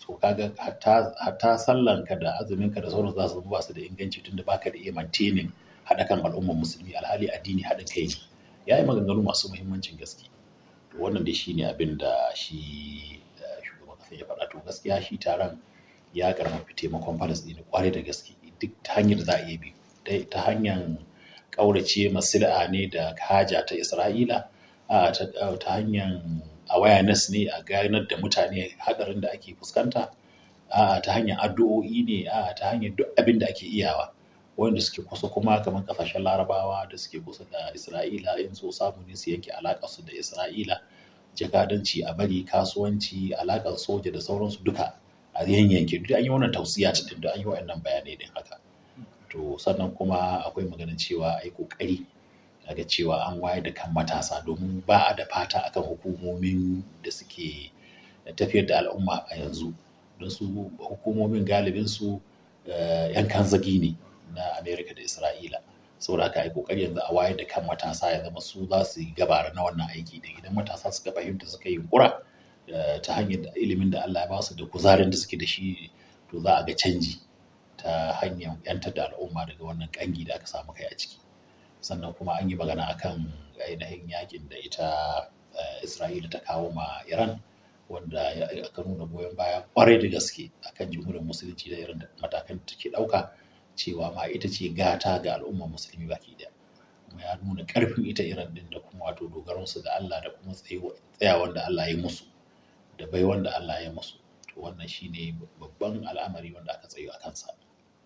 to kaga hatta ka da azumin ka da sauran za su ba su da inganci tunda baka da iya maintaining haɗa kan al'umman musulmi alhali addini haɗin kai ne ya yi maganganu masu muhimmancin gaske wannan dai ne abin da shi eh, shugaban ƙasar ya faɗa to gaskiya shi taron ya karfafi taimakon palestine kwarai da gaske duk ta hanyar za a iya bi ta hanyar ƙaurace masila'a ne da haja ta isra'ila ta hanyar awareness ne a ganar da mutane haɗarin da ake fuskanta ta hanyar addu'o'i ne ta hanyar duk abin da ake iyawa wanda suke kusa kuma kamar kasashen larabawa da suke kusa da isra'ila in so samu ne su yanke alaƙar su da isra'ila jakadanci a bari kasuwanci alaƙar soja da sauransu duka a yanyanke duk an yi wannan tausiya ta duk an yi wa'annan bayanai din haka to sannan kuma akwai maganin cewa a yi ƙoƙari Daga cewa an wayar da kan matasa domin ba a da fata akan hukumomin da suke tafiyar da al'umma a yanzu don su hukumomin galibin su eh, yan kan zagi ne na amerika da isra'ila saboda aka yi kokari yanzu a wayar da kan matasa ya zama su za su yi gabara na wannan aiki da idan matasa suka fahimta suka yi kura eh, ta hanyar ilimin da Allah ya ba su da kuzarin da suke da shi to za a ga canji ta hanyar yantar da al'umma daga wannan kangi da aka samu kai a ciki sannan kuma an yi magana akan ainihin yakin da ita eh, isra'ila ta kawo ma iran wanda aka nuna goyon baya kwarai da gaske akan jimurin musulunci da irin matakan da take ɗauka cewa ma ita ce gata ga al'ummar musulmi baki daya kuma ya nuna karfin ita iran din da kuma wato dogaronsu da allah da kuma tsayawan da allah ya musu da bai wanda allah ya musu to wannan shine babban al'amari wanda aka tsayo a kansa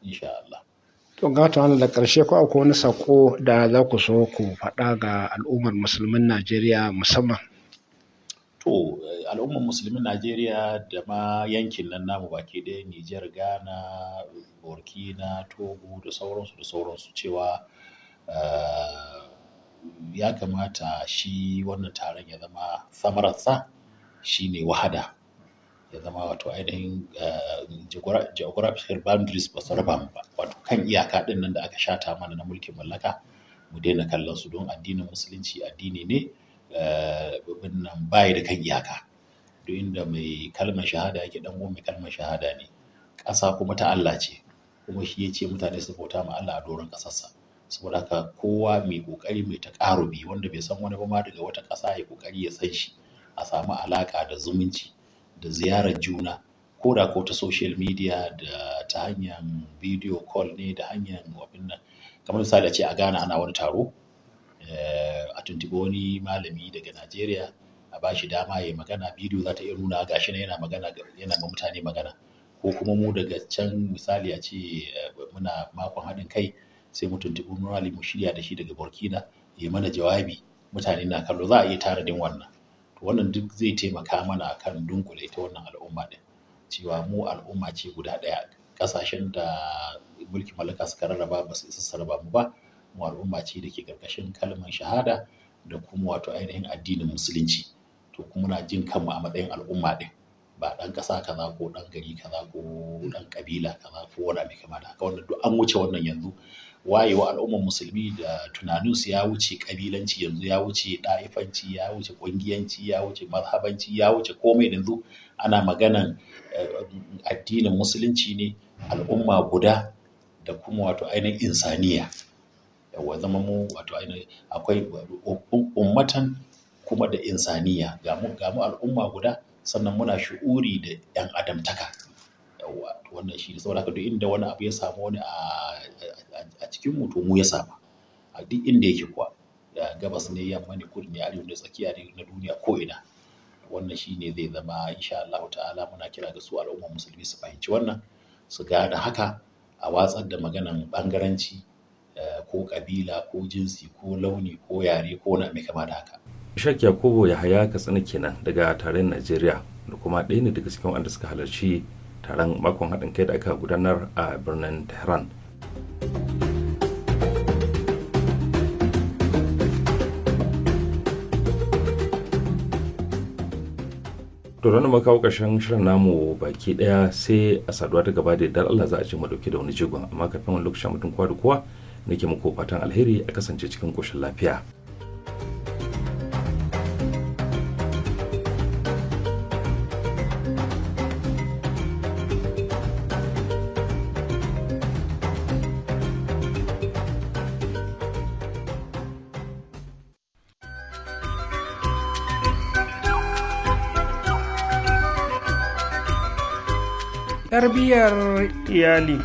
insha Allah to gata wani da ƙarshe ko akwai wani sako da za ku so ku faɗa ga al'ummar musulmin najeriya musamman to al'ummar musulmin najeriya da ma yankin nan namu baki ɗaya nijar ghana burkina togo da sauransu da sauransu cewa eh, ya kamata shi wannan taron ya zama samararsa ne wahada ya zama wato ainihin eh, geographical boundaries ba su raba mu ba wato kan iyaka ɗin nan da aka shata mana na mulkin mallaka mu daina kallon su don addinin musulunci addini ne eh, nan bayi da kan iyaka duk inda mai kalmar shahada yake dan mai kalmar shahada ne ƙasa kuma ta Allah ce kuma shi ya ce mutane su bauta ma Allah a doron ƙasarsa saboda haka kowa mai ƙoƙari mai ta karubi wanda bai san wani ba ma daga wata ƙasa ya kokari ya san shi a samu alaƙa da zumunci da ziyarar juna ko da ko ta social media da ta hanyar video call ne da hanyar wafin nan kamar misali a ce a gana ana wani taro eh, a tuntuɓi wani malami daga Najeriya a ba shi dama ya magana bidiyo za ta iya nuna ga shi yana magana yana ma mutane magana ko kuma mu daga can misali a ce eh, muna makon haɗin kai sai mu tuntuɓi malami mu shirya da shi daga Burkina ya mana jawabi mutane na kallo za a iya tara din wannan wannan duk zai taimaka mana kan dunkule ta wannan al'umma din cewa mu al'umma ce guda ɗaya ƙasashen da mulki mallaka suka rarraba ba su isa su raba mu ba mu al'umma ce da ke ƙarƙashin kalmar shahada da kuma wato ainihin addinin musulunci to kuma na jin kanmu a matsayin al'umma ɗin ba ɗan ƙasa kaza ko ɗan gari kaza ko ɗan ƙabila kaza ko wani abu kama da haka wannan duk an wuce wannan yanzu wayewa al'ummar musulmi da tunanin su ya wuce kabilanci yanzu ya wuce ɗa'ifanci ya wuce ƙungiyanci ya wuce mazhabanci ya wuce komai yanzu ana maganan eh, addinin musulunci ne al'umma guda da kuma wato ainihin insaniya yawa zama mu wato ainihin akwai ummatan kuma da insaniya ga mu al'umma guda sannan muna shu'uri da 'yan adamtaka yawa wannan shi saboda haka duk inda wani abu ya samu wani a a cikin mu to mu ya saba a duk inda yake kuwa da gabas ne yamma ne kudu ne arewa ne tsakiya ne na duniya ko ina wannan shine zai zama insha Allah ta'ala muna kira ga su al'umma musulmi su fahimci wannan su ga da haka a watsar da maganan bangaranci eh, ko kabila ko jinsi ko launi ko yare ko na mai kama da haka Ishak Yakubu Yahaya Katsina kenan daga taron Najeriya da kuma ɗaya ne daga cikin wanda suka halarci taron makon haɗin kai da aka gudanar a birnin Tehran. turanin mu kawo ƙarshen shirin namu baki ɗaya sai a saduwa ta gaba da dar Allah za a ce mu dauke da wani jigon amma kafin wani lokacin mutum kowa da kowa nake muku fatan alheri a kasance cikin koshin lafiya tarbiyyar iyali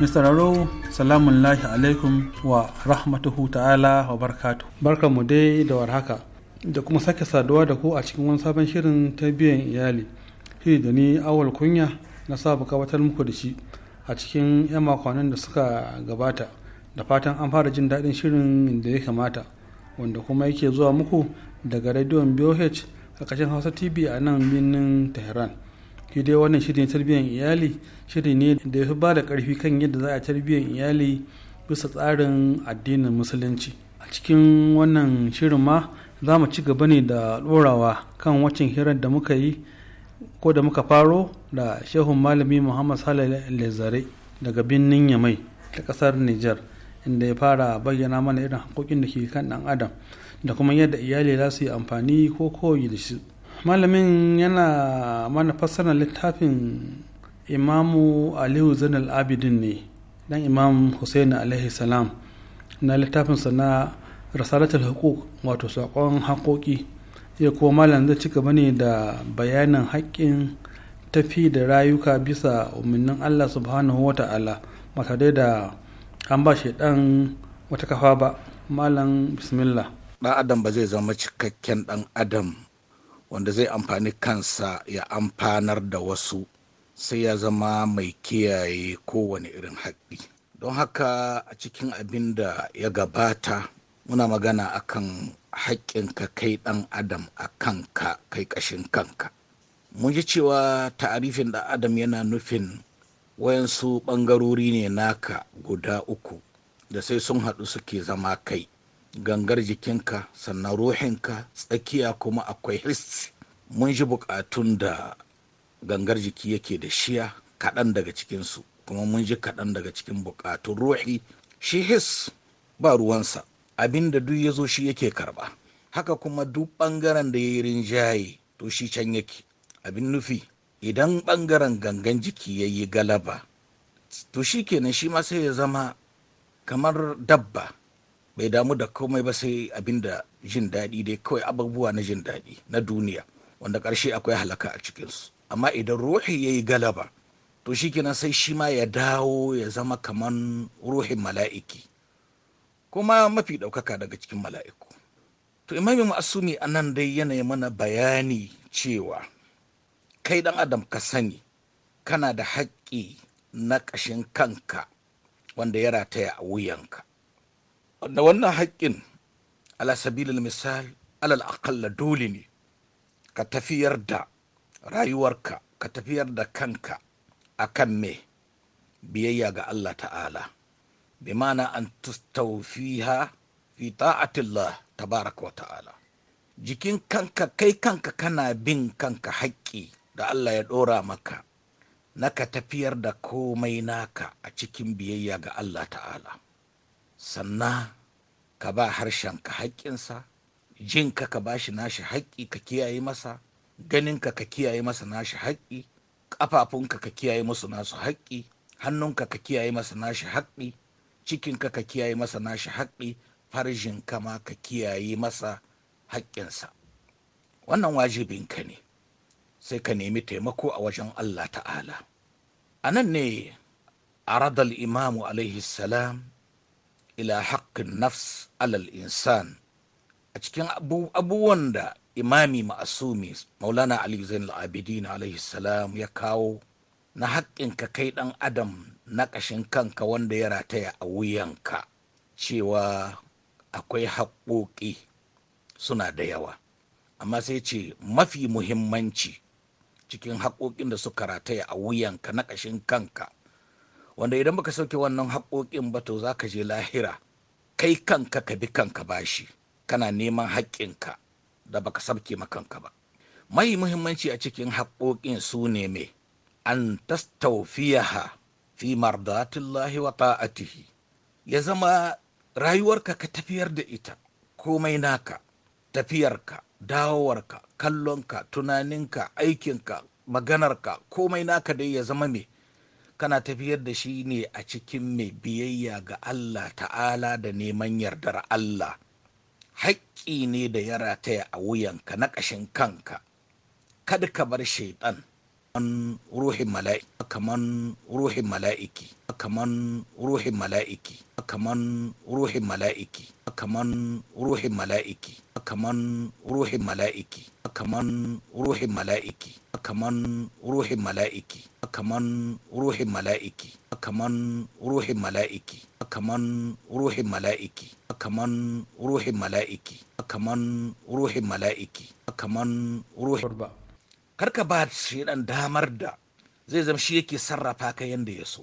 Mr. salamun lahi alaikum wa rahmatuhu ta'ala wa barkatu. Barka mu dai da warhaka da kuma sake saduwa da ku a cikin wani sabon shirin ta biyan iyali. Shi da ni awal kunya na sabu gabatar muku da shi a cikin 'yan makonnin da suka gabata da fatan an fara jin daɗin shirin da ya kamata wanda kuma yake zuwa muku daga rediyon BOH a kashin hausa tv a nan birnin tehran shi dai wannan shirin tarbiyyar iyali shiri ne da ya fi ba da ƙarfi kan yadda za a tarbiyyar iyali bisa tsarin addinin musulunci a cikin wannan shirin ma za mu ci gaba ne da ɗorawa kan wacin hirar da muka yi ko da muka faro da shehun malami muhammad salih lezare daga birnin yamai ta ƙasar niger inda ya fara bayyana mana irin haƙoƙin da ke kan ɗan adam da kuma yadda iyali za su yi amfani ko koyi da shi malamin yana mana fassarar littafin imamu aliyu zainal abidin ne dan imam hussein alaihi salam na littafinsa na rasaratul hukuk wato saƙon haƙoƙi ya kuma malam zai ci gaba ne da bayanin haƙƙin tafi da rayuka bisa umarnin allah subhanahu wa ta'ala ba tare da an ba shi dan wata kafa ba malam bismillah ɗan adam ba zai zama cikakken ɗan adam wanda zai amfani kansa ya amfanar da wasu sai ya zama mai kiyaye kowane irin haƙƙi don haka a cikin abin da ya gabata muna magana akan ka kai ɗan adam a kanka kai ƙashin kanka mun ji cewa ta'arifin ɗan adam yana nufin wayansu ɓangarori ne naka guda uku da sai sun haɗu suke zama kai gangar jikinka sannan ruhinka tsakiya kuma akwai hist mun ji bukatun da gangar jiki yake da shiya kaɗan daga cikinsu kuma mun ji kaɗan daga cikin bukatun ruhi shi his ba ruwansa abin da duk ya zo shi yake karɓa haka kuma duk ɓangaren da ya yi rinjaye to shi can yake abin nufi idan ɓangaren gangan jiki ya yi galaba to shi kenan shi ma sai ya zama kamar dabba bai damu da komai ba sai abin da jin daɗi dai kawai abubuwa na jin daɗi na duniya wanda ƙarshe akwai halaka a cikinsu amma idan ruhi ya yi galaba to shi kenan sai shi ma ya dawo ya zama kaman ruhin mala'iki kuma mafi ɗaukaka daga cikin mala'iku to imamin ma'asumi a nan dai yanayi mana bayani cewa kai ɗan adam ka sani kana da haƙƙi na ƙashin kanka wanda ya rataya a wuyanka na wannan haƙƙin ala sabilil misal alal aƙalla dole ne ka tafiyar da rayuwarka ka tafiyar da kanka a kan me biyayya ga Allah ta'ala bi mana an tustawfiha fi ta'atillah tabaraka wa ta'ala jikin kanka kai kanka kana bin kanka haƙƙi da Allah ya ɗora maka na ka tafiyar da komai naka a cikin biyayya ga Allah ta'ala sannan ka ba harshenka haƙƙinsa jinka ka ba shi nashi haƙƙi ka kiyaye masa ganinka ka kiyaye masa nashi haƙƙi ƙafafunka ka kiyaye musu nasu haƙƙi hannunka ka kiyaye masa nashi haƙƙi cikinka ka kiyaye masa nashi haƙƙi farjinka ma ka kiyaye masa haƙƙinsa wannan wajibin ka ne sai ka nemi taimako a wajen Allah ta'ala a nan ne aradal imamu alaihi salam ila haƙƙin nafs alal insan a cikin abubuwan da imami ma'asumi maulana ali zain al alaihi salam ya kawo na haƙƙin ka kai ɗan adam na ƙashin kanka wanda ya rataya a wuyanka cewa akwai haƙƙoƙi suna da yawa amma sai ce mafi muhimmanci cikin haƙoƙin da suka rataya a wuyanka na ƙashin kanka wanda idan baka sauke wannan haƙoƙin ba to za ka je lahira kai kanka ka bi kanka bashi kana neman haƙƙinka da baka sabke makanka ba mai muhimmanci a cikin haƙoƙin su ne me an tastawfiyaha fi mardatillahi wa ta'atihi ya zama rayuwarka ka tafiyar da ita komai naka tafiyarka dawowarka kallonka tunaninka aikinka maganarka komai naka dai ya zama me kana tafiyar da shi ne a cikin mai biyayya ga Allah ta'ala da neman yardar Allah haƙƙi ne da ya rataya a wuyanka na ƙashin kanka kada ka bar shaiɗan kaman ruhin mala'iki kaman ruhin mala'iki kaman ruhin mala'iki kaman ruhin mala'iki kaman ruhin mala'iki kaman ruhin mala'iki kaman ruhin mala'iki kaman ruhin mala'iki kaman ruhin mala'iki kaman ruhin mala'iki kaman ruhin mala'iki kaman ruhin mala'iki kaman ruhin mala'iki kaman ruhin karka ba shi dan damar da zai zama shi yake sarrafa ka yanda ya so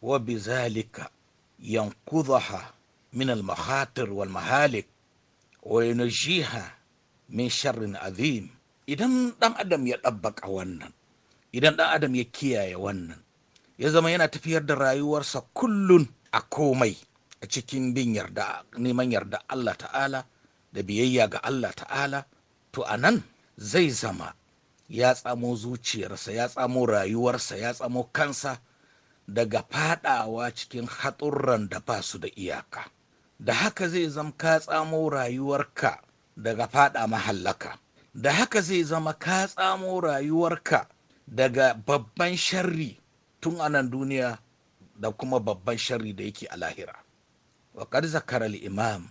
wa bi zalika yankudaha min al mahatir wal mahalik wa yunjiha min sharrin azim idan dan adam ya dabbaka wannan idan dan adam ya kiyaye wannan ya zama yana tafiyar da rayuwarsa kullun a komai a cikin bin yarda neman yarda Allah ta'ala da biyayya ga Allah ta'ala to anan zai zama ya tsamo zuciyarsa ya tsamo rayuwarsa ya tsamo kansa daga fadawa cikin haturran da ba su da iyaka da haka zai zama ka tsamo rayuwarka daga fada mahallaka da haka zai zama ka tsamo rayuwarka daga babban sharri tun anan duniya da kuma babban sharri da yake a lahira wa zakara imam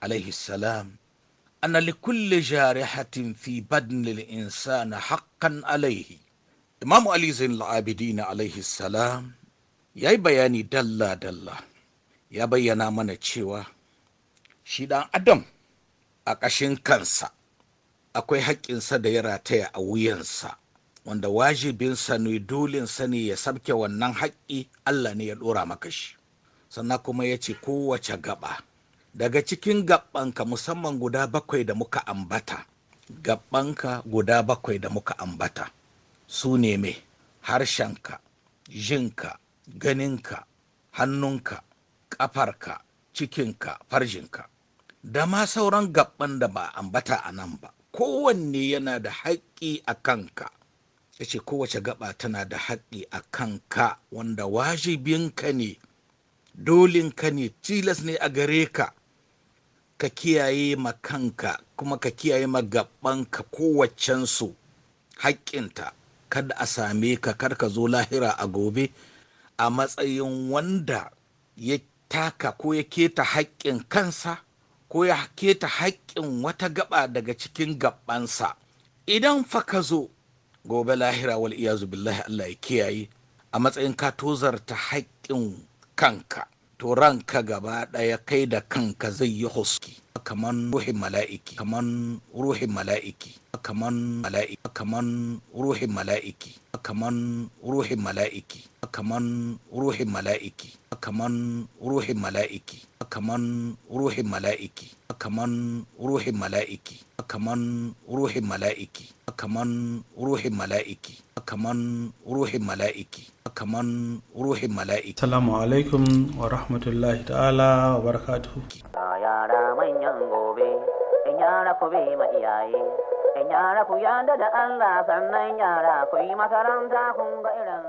alaihi salam أن لكل جارحة في بدن الإنسان حقا عليه Imam Ali Zain al'abidin alaihi salam ya yi bayani dalla-dalla ya bayyana mana cewa shi ɗan adam a ƙashin kansa akwai haƙƙinsa da ya rataya a wuyansa wanda wajibinsa ne dolinsa ne ya sabke wannan haƙƙi Allah ne ya ɗora maka shi sannan kuma ya ce kowace gaɓa. daga cikin gabanka musamman guda bakwai da muka ambata gabanka guda bakwai da muka ambata su ne me harshenka jinka ganinka hannunka ƙafarka cikinka farjinka da ma sauran gabban da ba ambata a nan ba kowanne yana da haƙƙi a kanka ya ce kowace gaba tana da haƙƙi a kanka wanda wajibinka ne dolinka ne tilas ne a gare ka ka kiyaye ma kanka kuma ka kiyaye ma kowaccen kowaccensu haƙƙinta kada a same ka kar ka zo lahira a gobe a matsayin wanda ya taka ko ya keta haƙƙin kansa ko ya keta haƙƙin wata gaba daga cikin gabansa idan fa ka zo gobe lahira wal iyazu billahi Allah ya kiyaye a matsayin ka tozarta haƙƙin kanka to ranka gaba ɗaya kai da kanka zai yi huski kaman ruhin mala'iki kaman ruhin mala'iki kaman mala'iki kaman ruhin mala'iki kaman ruhin mala'iki kaman ruhin mala'iki kaman ruhin mala'iki kaman ruhin mala'iki kaman ruhin mala'iki kaman ruhin mala'iki kaman ruhin mala'iki kaman ruhin mala'iki kaman ruhin mala'iki assalamu alaikum wa rahmatullahi ta'ala wa barakatuhu yara manyan gobe in yara ku bi ma iyaye in yara ku yada da Allah sannan yara ku yi makaranta kun ga irin